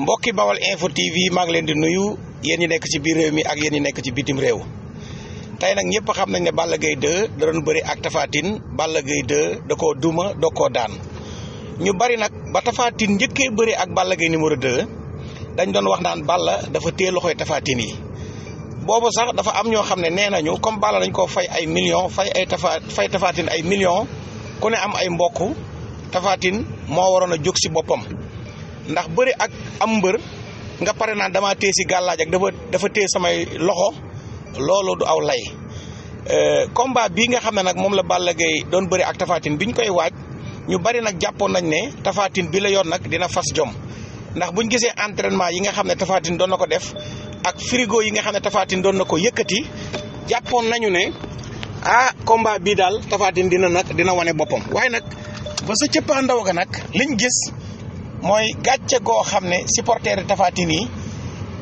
mbokki Bawal info TV maa ngi leen di nuyu yéen ñi nekk ci biir réew mi ak yéen ñi nekk ci bitim réew tey nag ñëpp xam nañ ne Balla gay 2 da doon bëri ak tafaatin Tine Balla Gaye 2 da koo duma da koo daan ñu bari nag ba tafaatin Tine njëkkee bëri ak Balla Gaye numéro 2 dañ doon wax naan Balla dafa téye loxoy Tapha Tine yi boobu sax dafa am ñoo xam ne nee nañu comme Balla dañ koo fay ay millions fay ay Tapha fay Tapha ay millions ku ne am ay mbokk Tapha moo waroon a jóg si boppam. ndax bëri ak am mbër nga pare naan damaa téye si gàllaaj ak dafa dafa téye samay loxo loolu du aw lay euh, combat bii nga xam ne nag moom la Balla Gaye doon bëri ak tafaatin bi ñu koy waaj ñu bari nag jàppoon nañ ne tafaatin bi la yoon nag dina fas jom ndax bu ñu gisee entraînement yi nga xam ne Tafatine doon na ko def ak frigo yi nga xam ne tafaatin doon na ko yëkkati jàppoon nañu ne ah combat bii daal Tafatine dina nag dina wane boppam waaye nag ba sa cëppaandaw ga nag liñ gis. mooy gàcce goo xam ne supporters yi Tapha Tine yi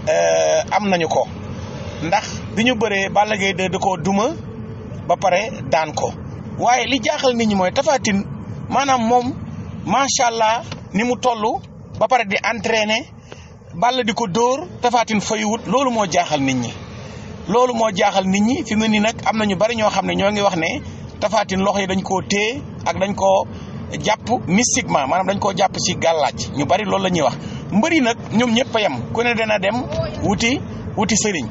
euh, am nañu ko ndax bi ñu bëree Balla Gaye 2 da koo duma ba pare daan ko waaye li jaaxal nit ñi mooy tafaatin maanaam moom macha allah ni mu toll ba pare di entraîner Balla di ko dóor Tapha Tine faywut loolu moo jaaxal nit ñi. loolu moo jaaxal nit ñi fi mu nii nag am na ñu bari ñoo xam ne ñoo ngi wax ne tafaatin loxo yi dañ koo téye ak dañ ko jàpp mystiquement maanaam dañ koo jàpp ci gàllaaj ñu bari loolu la ñuy wax mbëri nag ñoom ñëpp yem ku ne dana dem wuti wuti sëriñ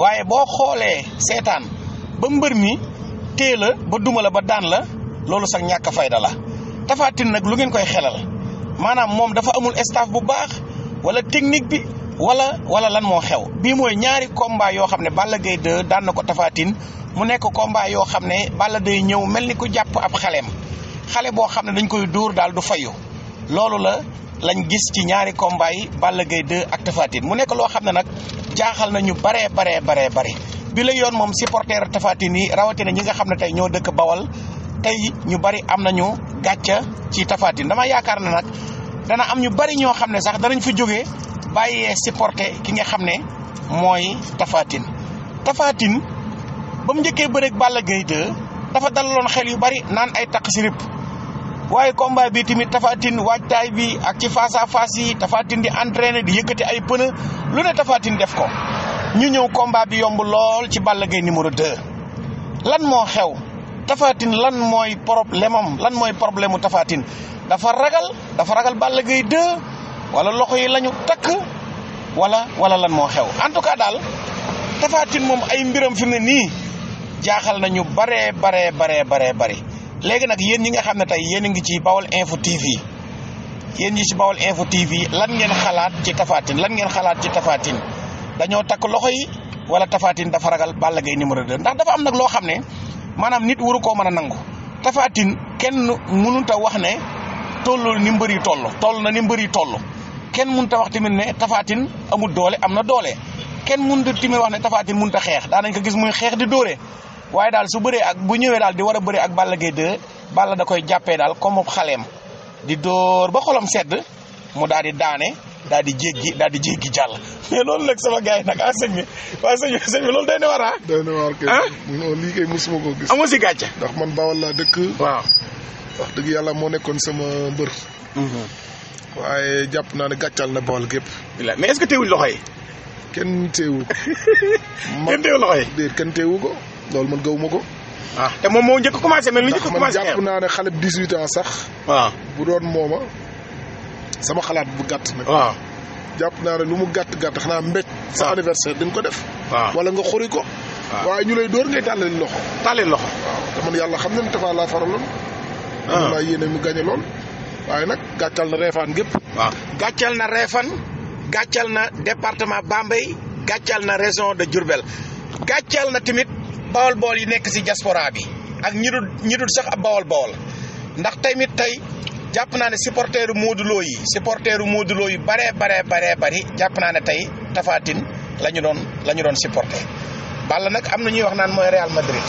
waaye boo xoolee seetaan ba mbër mi téela ba duma la ba daan la loolu sax ñàkk fayda la tafaatin nag lu ngeen koy xelal maanaam moom dafa amul staff bu baax wala technique bi wala wala lan moo xew bii mooy ñaari combat yoo xam ne Balla Gaye 2 daan na ko tafaatin mu nekk combat yoo xam ne Balla day ñëw mel ni ku jàpp ab xaleem xale boo xam ne dañ koy dóor daal du fayu loolu la lañ gis ci ñaari combat yi Balla Gaye ak tafaatin mu nekk loo xam ne nag jaaxal nañu baree baree baree bare bi la yoon moom supporter tafaatin Tine yi rawatina ñi nga xam ne tey ñoo dëkk Bawal tey ñu bari am nañu gàcca ci tafaatin dama yaakaar ne nag dana am ñu bari ñoo xam ne sax danañ fi jóge bàyyee supporter ki nga xam ne mooy tafaatin Tine Tapha ba mu njëkkee bëreeg Balla Gaye 2 dafa dalaloon xel yu bari naan ay takk sirip waaye combat bi tamit tafaatin waajtaay bi ak ci face à yi tafatin di entraîner di yëkkati ay pneu lu ne tafatin def ko ñu ñëw combat bi yomb lool ci Balla Gaye numéro 2 lan moo xew tafaatin lan mooy problème am lan mooy problème mu tafatin dafa ragal dafa ragal Balla Gaye 2 wala loxo yi lañu takk wala wala lan moo xew en tout cas daal tafaatin moom ay mbiram fi mu ne nii jaaxal nañu baree baree baree baree bari léegi nag yéen ñi nga xam ne tey yéen a ngi ci Bawol Info TV ñi ci Bawol Info TV lan ngeen xalaat ci tafaatin lan ngeen xalaat ci Tafatine dañoo takk loxo yi wala tafaatin dafa ragal Balla Gaye numéro 2 ndax dafa am nag loo xam ne maanaam nit waru koo mën a nangu tafaatin kenn mënut a wax ne tollul ni mbër yi toll toll na ni mbër yi toll kenn mënut a wax tamit ne tafaatin amul doole am na doole kenn mënut a tamit wax ne Tafatine mënut a xeex daan nañ ko gis muy xeex di dóore. waaye daal su bëree ak bu ñëwee daal di war a bëree ak Balla Gaye 2 Balla da koy jàppee daal comme xaleem di dóor ba xolam sedd mu daal di daane daal di jéggi daal di jéggi jàll mais loolu nag sama gars yi nag ah sëñ bi waaw sëñ bi na war ah. ah? ndax man Bawol laa dëkk. waaw wax yàlla moo nekkoon sama mbër. Mhm. waaye jàpp naa ne gàccal na Bawol gépp. mais est-ce loxo yi. kenn teewu ko. kenn teewu loxo yi. kenn teewu ko. loolu man gawuma ko. waaw ah. te moom moo njëkk a commencé mel ni njëkk a commencé. jàpp naa ne xale bu 18 ans sax. waaw ah. bu doon mooma sama xalaat bu gàtt nag. Ah. jàpp naa ne lu mu gàtt gàtt xanaa mbéj. sa anniversaire dañ ko def. waaw wala nga xori ko. waaye ñu lay dóor ngay tàllali loxo. tàllali loxo waaw te man yàlla xam na ne Tapha laa faraloon. waaw laa yéene mu gañe lool. waaye nag gàccal na reefaan gépp waaw gàccal na reefan gàccal na département Bambey gàccal na région de Diourbel gàccal na tamit. bawol bawol yi nekk si diaspora bi ak ñi dul sax a bawol bawol ndax tamit tey jàpp naa ne supporteru Modou yi supporteru Modou Lo yi baree bare baree bari jàpp naa ne tey Tapha Tine la ñu doon la ñu doon supporter Balla nag am na ñuy wax naan mooy Real Madrid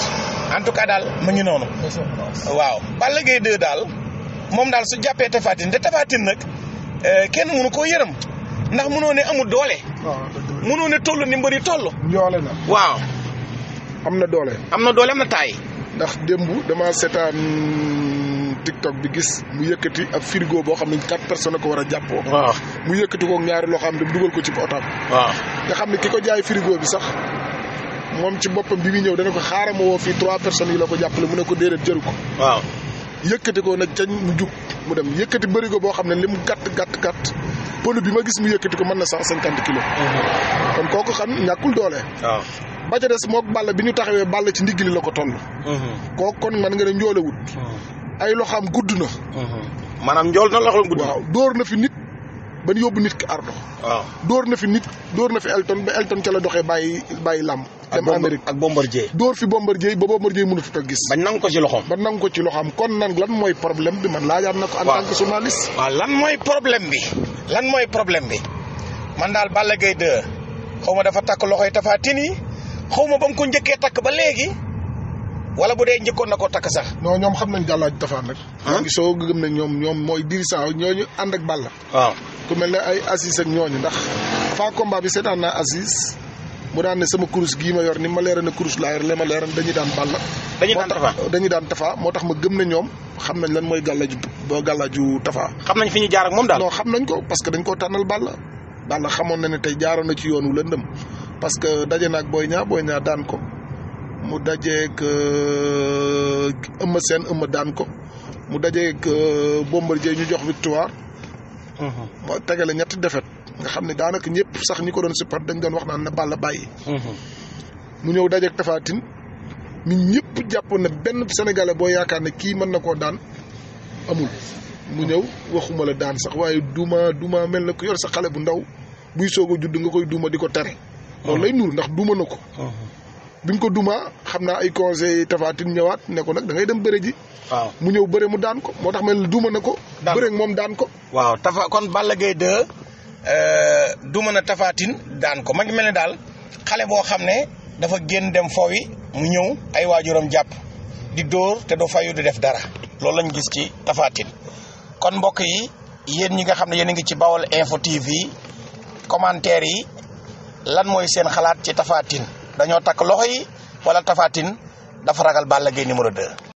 en tout cas daal ma ngi noonu. waaw Balla Gaye 2 daal moom daal su jàppee Tapha Tine te Tapha Tine nag euh, kenn mënu koo yërëm ndax mënoo ne amul doole. mënoo ne toll ni mbëri toll. njoole waaw. am na doole. am na doole na taay. ndax démb dama seetaan TikTok bi gis mu yëkkati ab firigo boo xam ne quatre personnes a ko war a jàppoo. waaw mu yëkkati ko ñaari loxo am dem dugal ko ci otaam. waaw nga xam ne ki ko jaay firigo bi sax. moom ci boppam bi muy ñëw dana ko xaaral ma woo fii trois personnes yi la ko jàpp jàppale mu ne ko déedéet jëru ko. waaw yëkkati ko nag cañ mu jug mu dem yëkkati bërigo boo xam ne li mu gàtt gàtt gàtt. pël bi ma gis mu yëkkati ko mën na cent cinquante kilos. Mhm. kon kooku xam ñàkkul doole. ba ca des moog ball bi ñu taxawee ball ci ndigg li la ko toll. Mhm. kooku kon man nga ne njoolewut. Mhm. ay loxaam gudd na. maanaam njool na loxo gudd. waaw dóor na fi nit. ba ñu yóbbu nit ki ardo. waaw dóor na fi nit dóor na fi Elton ba Elton ca la doxee bàyyi bàyyi làmb. dem Amérique ak Bombardier dóor fi Bombardier ba Bombardier mënatu ta gis ba nangu ko ci loxoom ba nangu ko ci am kon nan lan mooy problème bi man laajaat na ko en tant que journaliste waaw mooy problème bi lan mooy problème bi man daal Balla Gaye 2 xaw ma dafa takk loxoy Tapha Tine yi xaw ma ba mu ko njëkkee takk ba léegi wala bu dee njëkkoon na ko takk sax. non ñoom xam nañ jàllaaj tafaan rek. maa ngi soog a gëm ne ñoom ñoom mooy dirigeant ñooñu ànd ak Balla. waaw ku mel ne ay Aziz ak ñooñu ndax. avant combat bi seetaan naa Aziz mu daan ne sama kurus gii ma yor ni ma leeral na kurus laa yor li ma leeral dañuy daan bàll. dañuy daan tafa daan tafa moo tax ma gëm ne ñoom xam nañ lan mooy gàllaaju ba gàllaaju tafa. xam nañ fi ñu jaar moom daal. non xam nañ ko parce que dañ ko tànnal bàll. bàll xamoon na ne tey jaaroon ci ci yoonu lëndëm parce que daje naag booy ñaa booy ñaa daan ko mu dajeeg ëmm seen ëmm daan ko mu dajeeg euh, bombardier ñu jox victoire. moo mhm. tegale ñetti défaite. nga xam ne daanaka ñëpp sax ñi ko doon si par dañ doon wax naan na Balla bàyyi. Mhm. mu ñëw dajeeg Tapha Tine ñun ñëpp jàppoon na benn sénégalais boo yaakaar ne kii mën na koo daan amul. mu ñëw waxuma la daan sax waaye duuma duuma mel na ku yor sa xale bu ndaw buy soog a judd nga koy duuma di ko tere. loolu lay nuru ndax duuma na ko. Mhm. bi ko dumaa xam naa ay conseil Tapha Tine ñëwaat ne ko nag da ngay dem bëre ji. mu ñëw bëre mu daan ko moo tax man duuma na ko. daan moom daan ko. waaw Tapha kon Balla Gaye 2 Euh, du mën a tafaatin daan ko ma mel ne daal xale boo xam ne dafa génn dem foowi mu ñëw ay waajuram jàpp di dóor te du fayu du def dara loolu lañ gis ci tafaatin kon mbokk yi yéen ñi nga xam ne yéen a ngi ci Bawol Info TV commentaire yi lan mooy seen xalaat ci tafaatin dañoo takk loxo yi wala tafaatin dafa ragal Balla Gaye numéro 2